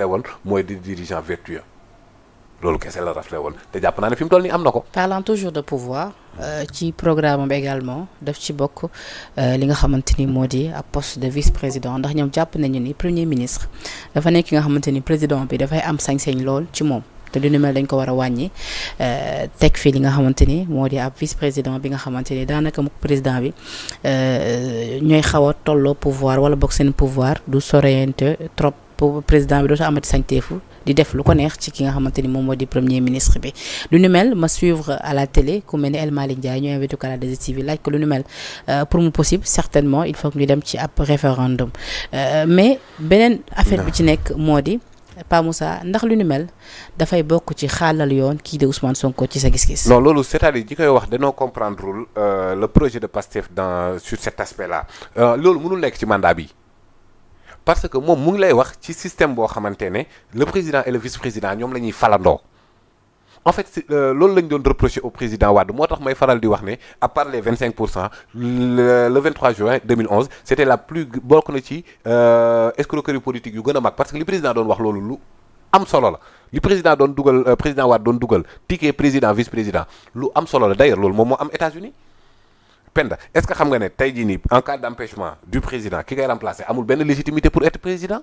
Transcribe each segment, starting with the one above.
raflé woon mooy di dirigeant vertueux loolu kese la raflé woon te jàpp naa ne fi toll nii am na ko. parlant toujours de pouvoir euh, ci programme également daf ci bokk euh, li nga xamante ni moo di ab poste de vice président ndax ñoom jàpp nañu ni premier ministre dafa nekk nga xamante ni président bi dafay am sañ-sañ lool ci moom. te lu ni mel dañ ko war a wàññi euh, teg fii li nga xamante ni moo di ab vice président bi nga xamante ni daanaka mu président bi ñooy xaw a tolloo pouvoir wala bokk seen pouvoir pour président bi dootu amati sañteefu di def lu ko neex ci ki nga xamante ni moom moo di premier ministre bi lu nu mel ma suivre à la télé ku mel ni El Malick Ndiaye ñu invité ko à la 2STV laaj ko lu nu mel euh, pour mu possible certainement il faut que ñu dem ci ab référendum euh, mais beneen affaire bi ci nekk moo di Pa Moussa ndax lu ni mel dafay bokk ci xaalal yoon kii de Ousmane Sonko ci sa gis-gis. non loolu cest di koy wax danoo comprendre euh, le projet de Pastef dans sur cet aspect là loolu mënul ci mandat bi. parce que moom mu ngi lay wax ci système boo xamante ne le président et le vice-président ñoom la ñuy falandoo en fet euh, loolu la ñu doon reproché au président Wade moo tax may faral di wax ne à part les 25 pour cent le 23 juin 2011 c' était la plus bokk na ci euh, escroquerie politique yu gën a mag parce que li président doon wax loolu lu am solo la li président doon dugal euh, président Wade doon dugal ticket président vice président lu am solo la d' ailleurs moom moo am états Penda est-ce que xam nga ne tey jii nii en cas d'empêchement du président ki koy remplacer amul benn légitimité pour être président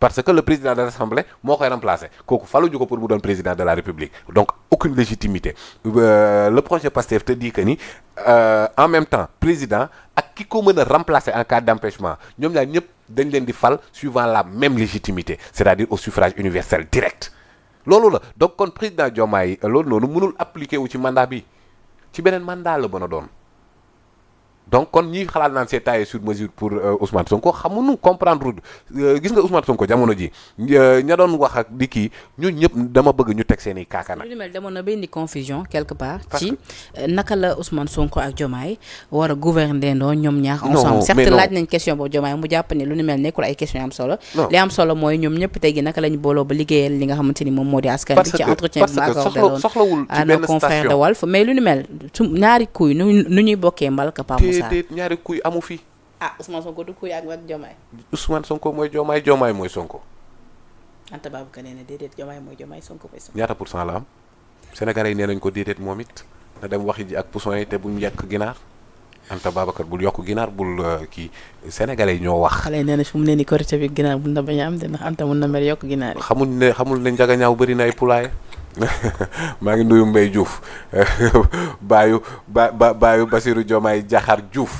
parce que le président de l'Assemblée moo koy remplacer kooku faluñu ko pour mu doon président de la République donc aucune légitimité euh, le projet PASTEF te dit que ni euh, en même temps président ak ki ko mën a remplacer en cas d'empêchement ñoom ñaar ñëpp dañ leen di fal suivant la même légitimité c'est-à-dire au suffrage universel direct loolu la donc kon président Diomaye loolu noonu mënu appliquer wu ci mandat bi ci beneen mandat la mën a doon donc kon ñi xalaat naan c'est taillé sur mesure pour euh, Ousmane Sonko xamuñu comprendre euh, gis nga Ousmane Sonko jamono ji euh, ña doon wax ak di kii ñun dama bëgg ñu teg seen i kaakana. a gouverner ndoo mu jàpp ne lu ni mel nekkul ay question am solo. li am solo mooy ñoom ñëpp tey naka lañ booloo ba liggéeyal li nga xamante ni moom moo di. askan bi ci entretien bi ma accordé woon mais lu ni mel su ñaari kuy nu ñuy bokkee mbal déedéet ñaari kuy amu fi. ah Ousmane Sonko du kuy ak ak Diomaye. Ousmane Sonko mooy Diomaye Diomaye mooy Sonko. Anta Babacar nee na déedéet Diomaye mooy Diomaye Sonko mooy Sonko. ñaata pour cent la am Sénégalais yi nee nañ ko déedéet moom it na dem waxi ji ak poussin yi te buñ yàq ginaar Anta Babacar bul yokk ginaar bul euh, kii sénégalais yi ñoo wax. xale yi su mu ne nii korité bi ginaar bul na bañ a am Anta mun na mer yokk ginaar yi. xamul ne xamul ne njagañaaw bëri na ay maa ngi nuyu Mbaye Diouf baayu ba ba baayu Basirou Diomaye Diakhar Diouf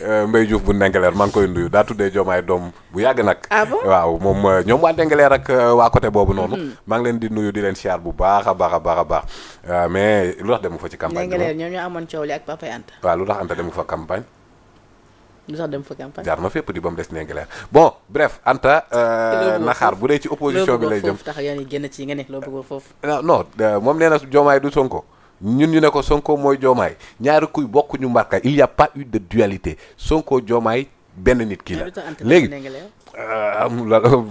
eh, Mbaye Diouf bu Ndengeleer maa ngi koy nduyu daa tuddee Diomaye doom bu yàgg nag. Ah waaw moom eh, ñoom waa Ndengeleer ak eh, waa côté boobu noonu. Mm-hmm. maa ngi leen di nuyu di leen siyaar bu baax a baax a baax a baax mais lu tax demu fa ci campagne. Ndengeleer ñoom ñoo amoon coow li ak Papa Anta. waaw lu tax Anta demu fa campagne. lu tax dem fa jaar na fépp di ba mu des Ndingler bon bref Anta. Euh, na xaar bu dee ci opposition bi lay jëm tax yaa ngi génn ci nga ne loo bëggoon foofu. non euh, moom nee na Diomaye du Sonko ñun ñu ne ko Sonko mooy Diomaye ñaari kuy bokk ñu mbarka il y a pas eu de dualité Sonko joomaay benn nit kii la léegi euh,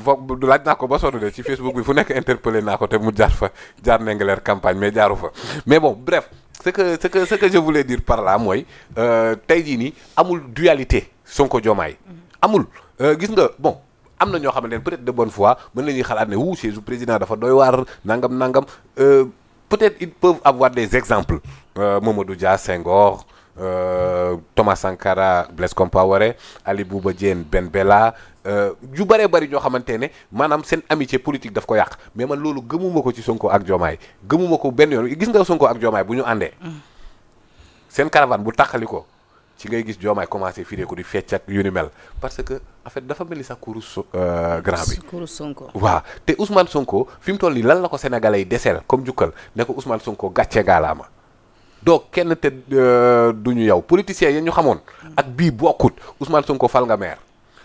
foog laaj naa ko ba sonn de ci Facebook bi fu nekk interpellé naa ko te mu jaar fa jaar Ndingler campagne mais jaaru fa mais bon bref. ce que ce que ce que je voulais dire par la mooy euh, tey jii nii amul dualité Sonko Diomaye amul euh, gis nga bon am na ñoo xam ne peut-être de bonne foi mën nañuy xalaat ne wu siège président dafa doy waar nangam nangam euh, peut-être ils peuvent avoir des exemples Mamadou Dia Senghor Euh, Thomas Sankara Blaise Compaoré Ali Bouba Diène Ben Bella euh, yu bare bari ñoo xamante ne maanaam seen amitié politique daf ko yàq mais man loolu gëmuma ko ci Sonko ak Diomaye gëmuma ko benn yoon gis nga Sonko ak Diomaye bu ñu àndee. Mm. seen caravane bu taxali ko ci ngay gis Diomaye commencé firee ko di fecc ak yu ni mel parce que en dafa mel ni sax kuuru euh, grand bi. kuuru Sonko. waaw te Ousmane Sonko fi mu toll nii lan la ko sénégalais yi deseel comme jukkal ne ko Ousmane Sonko gàccee gaalaama. doo kenn te euh, du ñu yow politiciens yi ñu xamoon. ak bii bokkut Ousmane Sonko fal nga maire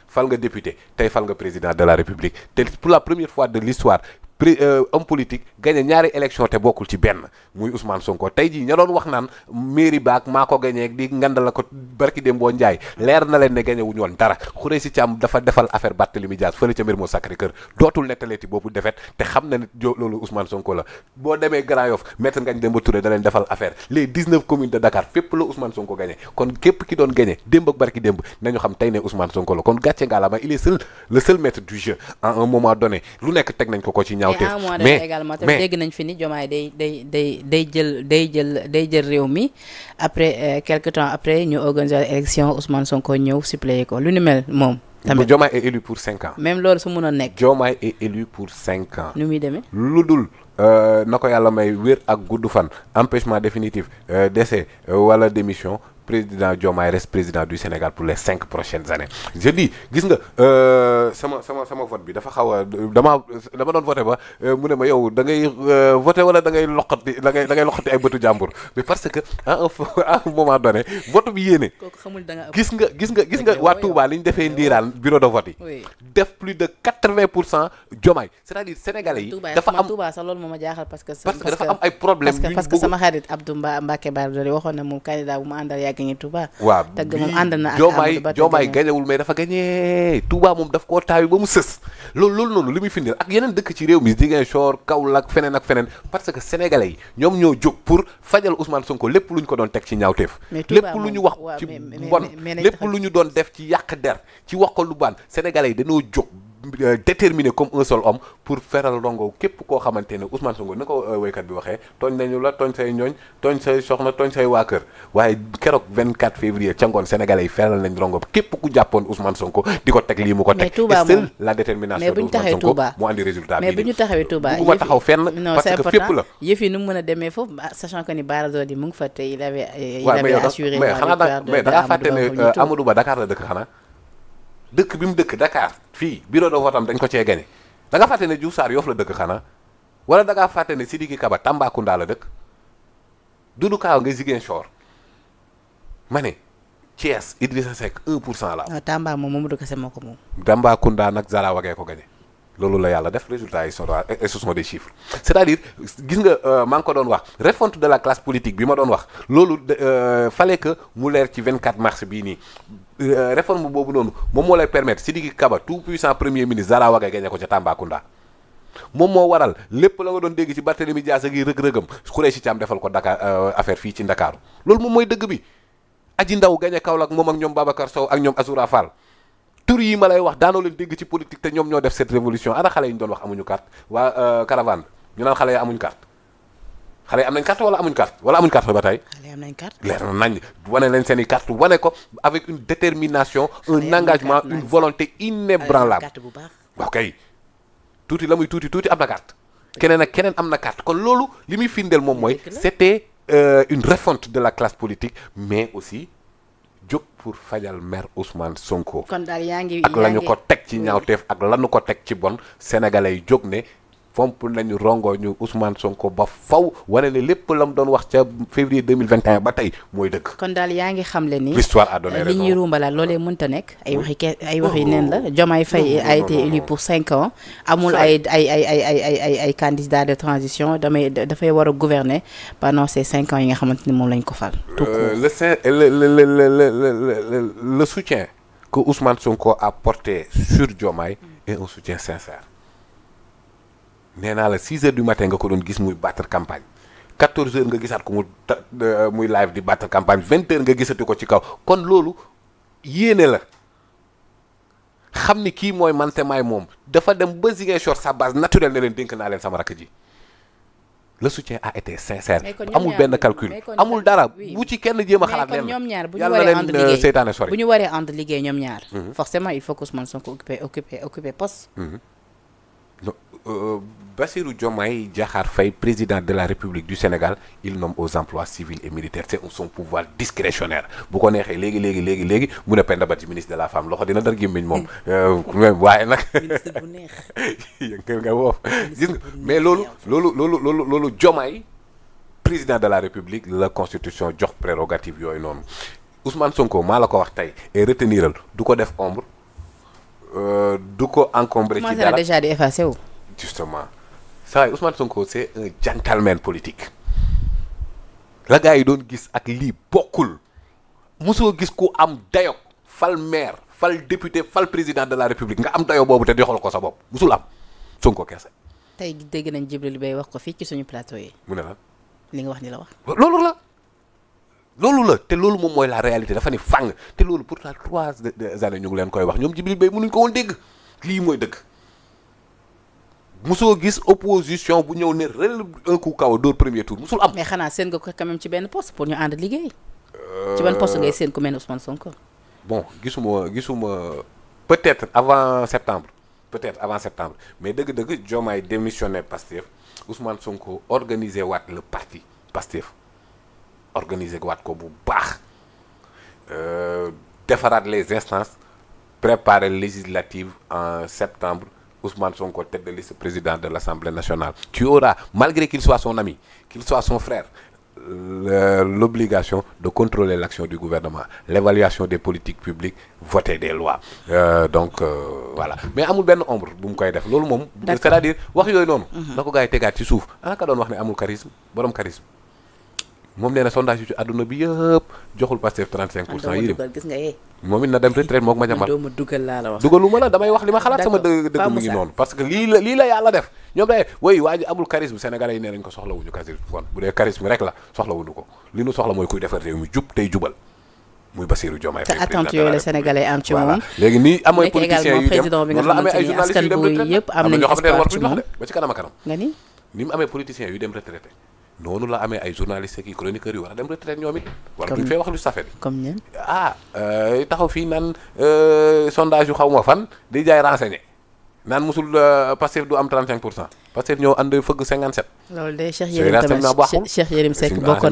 fal nga député tey fal nga président de la république te pour la première fois de l'histoire pré euh, homme politique gagné ñaari élection te bokkul ci benn muy Ousmane Sonko tey jii ña doon wax naan mairie baak maa ko gagné di ngandal ko barki dem boo njaay leer na leen ne gagné wuñu woon dara Khoureychi Thiam dafa defal affaire Barthélémy Dias fële ca mbir moo Sacré Cœur dootul nettaleeti boobu defet te xam na ne loolu Ousmane Sonko la boo demee Grand Yoff maître Ngagne Demba Touré da leen defal affaire les 19 communes de Dakar fépp la Ousmane ñaawteef mais également tamit dégg nañ fi ni Diomaye day day day day jël day jël day jël réew mi après euh, quelque temps après ñu organiser élection Ousmane Sonko ñëw suppléer ko lu ni mel moom. tamit Diomaye est élu pour cinq ans. même loolu su mun a nekk. Diomaye est élu pour cinq ans. nu muy demee lu dul. Euh, na ko yàlla may wér ak gudd fan empêchement définitif euh, décès wala démission président Diomaye reste président du Sénégal pour les cinq prochaines années je dis gis nga euh, sama sama sama vote bi dafa xaw a damaa dama doon voté ba euh, mu ne ma yow da ngay euh, voté wala da ngay loqati da ngay da ngay loqati ay bëtu jàmbur mais parce que à moment donné vote bi yéene gis nga gis nga gis nga waa Touba li defee ndiiraan bureau de vote yi def plus de quatre-vingt pour cent Diomaye c'est-à-dire yi dafa am Touba sax loolu moo ma jaaxal parce que dafa gagné Touba. waaw tagg moom ànd na ak Amadou Ba joomaay gañewul mais dafa gagné Touba moom daf koo taawi ba mu sës loolu loolu noonu li muy firndeel ak yeneen dëkk ci réew mi Ziguinchor Kaolack feneen ak feneen parce que sénégalais yi ñoom ñoo jóg pour fajal Ousmane Sonko lépp lu ñu ko doon teg ci ñaawteef lépp lu ñu wax ci bon lépp lu ñu doon def ci yàq der ci wax ko lu baan sénégalais yi dañoo jóg déterminé comme un seul homme pour feral rongo képp koo xamante ne Ousmane Sonko na ko woykat bi waxee tooñ nañu la tooñ say ñooñ tooñ say soxna tooñ say waa kër waaye keroog 24 février ca ngoon sénégalais yi feral nañ rongo képp ku jàppoon Ousmane Sonko di ko teg lii mu ko teg seul mais bu ñu taxawee Touba bu ma taxaw fenn parce que la yëf yi mu mën a demee mu ngi fa te il avait assuré mais xanaa mais fàtte ne Amadou Ba Dakar la dëkk xanaa dëkk bi mu dëkk dakaar fii bureau de vote dañ ko cee gagné danga nga fàtte ne Diouf Sarr Yoff la dëkk xanaa wala da ngaa fàtte ne Sidiki Kaba Tambacounda la dëkk Doudou Kaaw nga Ziguinchor ma ne Thiès Idrissa Seck 1 pour cent la. waaw ah, Tamba moom Mamadou Kassé moo ko moom. Tambacounda nag Zala Wagee ko gagné. loolu la yàlla def résultat yi sont et ce sont des c'est-à-dire gis nga euh, maa ngi ko doon wax refonte de la classe politique bi ma doon wax loolu euh, fallait que mu leer ci 24 mars bii nii euh, réforme boobu noonu moom moo lay permettre Sidiki Kaba tout puissant premier ministre Zarawaga gagné ko ca Tambacounda moom moo waral lépp la nga doon dégg ci Barthélemy Dias ak yi rëg-rëgam Khoureychi Thiam defal ko Dakar affaire fii ci Ndakaaru loolu moom mooy dëgg bi aji ndaw gagné Kaolack moom ak ñoom Babacar Sow ak ñoom Azoura Fall tur yi ma lay wax daanoo leen dégg ci politique te ñoom ñoo def cette révolution ana xale yi ñu doon wax amuñu carte waa euh, caravane ñu naan xale yi amuñu carte xale yi am nañ carte wala amuñ carte wala amuñ carte ba tey. leer na nañ wane leen seen i carte wane ko avec une détermination un engagement une volonté inébranlable waaw kay tuuti la muy tuuti tuuti am na carte keneen ak keneen am na carte kon loolu li muy firndeel moom mooy c'était euh, une refonte de la classe politique mais jóg pour fajal maire Ousmane Sonko. kon yaa ngi ak la ko teg ci ñawteef ak la ñu ko teg ci bon sénégalais yi jóg ne. fomp nañu rongo ñu Ousmane Sonko ba faw wane ne lépp la mu doon wax ca février 2021 ba tey mooy dëgg. kon daal yaa ngi xamle ni. l'histoire a donné raison li ñuy rumbalaat loolee mënta nekk ay waxi ke ay waxi oh, oh, neen la oh. Diomaye Faye a été élu pour cinq ans amul ay ay ay ay ay ay ay ay candidat de transition damay dafay war a gouverner pendant ces cinq ans yi nga xamante ni moom lañ ko fal. Euh, le sain le le le le le le soutien que Ousmane Sonko a porté sur Diomaye est un soutien sincère. nee naa la 6 heures du matin nga ko doon gis muy battre campagne 14 heures nga gisaat ko mu euh, muy live di battre campagne 20 heures nga gisatu ko ci kaw kon loolu yéene la xam ni kii mooy man te maay moom dafa dem ba Ziguinchor sa base naturelle ne leen dénk naa leen sama rakk ji le a été sincère amul benn calcul amul dara bu ci kenn jéem a xalaat leen ñoom ñaar bu euh, seytaane sori bu ñu waree ànd liggéey ñoom ñaar forcément il faut que Ousmane Sonko occupé occupé occupé Euh, Bassirou Diomaye jaxaar fay président de la République du Sénégal il nomme aux emplois civils et militaires c'est son pouvoir discrétionnaire bu ko neexee léegi léegi léegi léegi mu ne Penda Badji ministre de la femme loxo dina dar gémmiñ moom eh. euh, waaye nag nga woof mais loolu loolu loolu loolu loolu Diomaye président de la République la constitution jox prérogative yooyu noonu Ousmane Sonko maa la ko wax tey et reteniral du ko def ombre Euh, du ko encombré. ci dara déjà di effacé wu. justement saa yi Ousmane Sonko c'est un politique la gars doon gis ak lii bokkul mu soo gis ku am dayok fal maire fal député fal président de la république nga am dayo boobu te doxal ko sa bopp sul am Sonko kese. tey dégg nañ Jibril Bey wax ko fii ci suñu plateau yi. mu ne la li nga wax ni la wax. loolu la te loolu moom mooy la réalité dafa ni fàng te loolu pourtant trois années ñu ngi leen koy wax ñoom Jibril Bey mënuñ ko woon dégg lii mooy dëgg musoo gis opposition bu ñëw ne rel un coup kaw dóor premier tour musul am. mais xanaa seen nga ko quand ci benn poste pour ñu ànd liggéey. ci ban poste ngay seen ku mel ne Ousmane Sonko. bon gisuma gisuma peut-être avant septembre peut-être avant septembre mais dëgg-dëgg Diomaye démissionné Pastef Ousmane Sonko organisé waat le parti organiser waat ko bu baax euh, defaraat les instances préparer législative en septembre Ousmane son tête de liste président de l'Assemblée nationale tu auras malgré qu'il soit son ami qu'il soit son frère l'obligation de contrôler l'action du gouvernement l'évaluation des politiques publiques voter des lois euh, donc euh, voilà mais amul benn ombre bu mu koy def loolu moom c'est-à-dire wax yooyu noonu mhm. na ko gars tegaat ci suuf anaka doon wax ne amul charisme borom charisme moom nee na sondage yu ci àdduna bi yëpp joxul Pastef 35 pour cent yëpp gis nga yee eh. moom it na dem retraite moog ma ma dugal la wax dugaluma la damay wax li ma xalaat sama dëgg mu ngi noonu parce que lii la yàlla def ñoom day woy waa amul charisme sénégalais yi nee nañ ko soxlawuñu charisme kon bu dee charisme rek la soxlawuñu ko li ñu soxla mooy kuy defar réew mi jub tey jubal muy Bassirou Diomaye Faye attente yooyu la sénégalais am ci moom léegi nii dem noonu amee ay noonu la amee ay journalistes yi chroniqueurs yi war a dem retraite ñoom it. wala duñ fee wax lu safet. comme ñenn ah euh, taxaw fii naan euh, sondage yu xaw ma fan di jaay renseigné naan musul euh, Pastef du am 35 pour cent Pastef ñoo ànd fëgg 57. loolu de Yérim tamit Cheikh Yérim Seck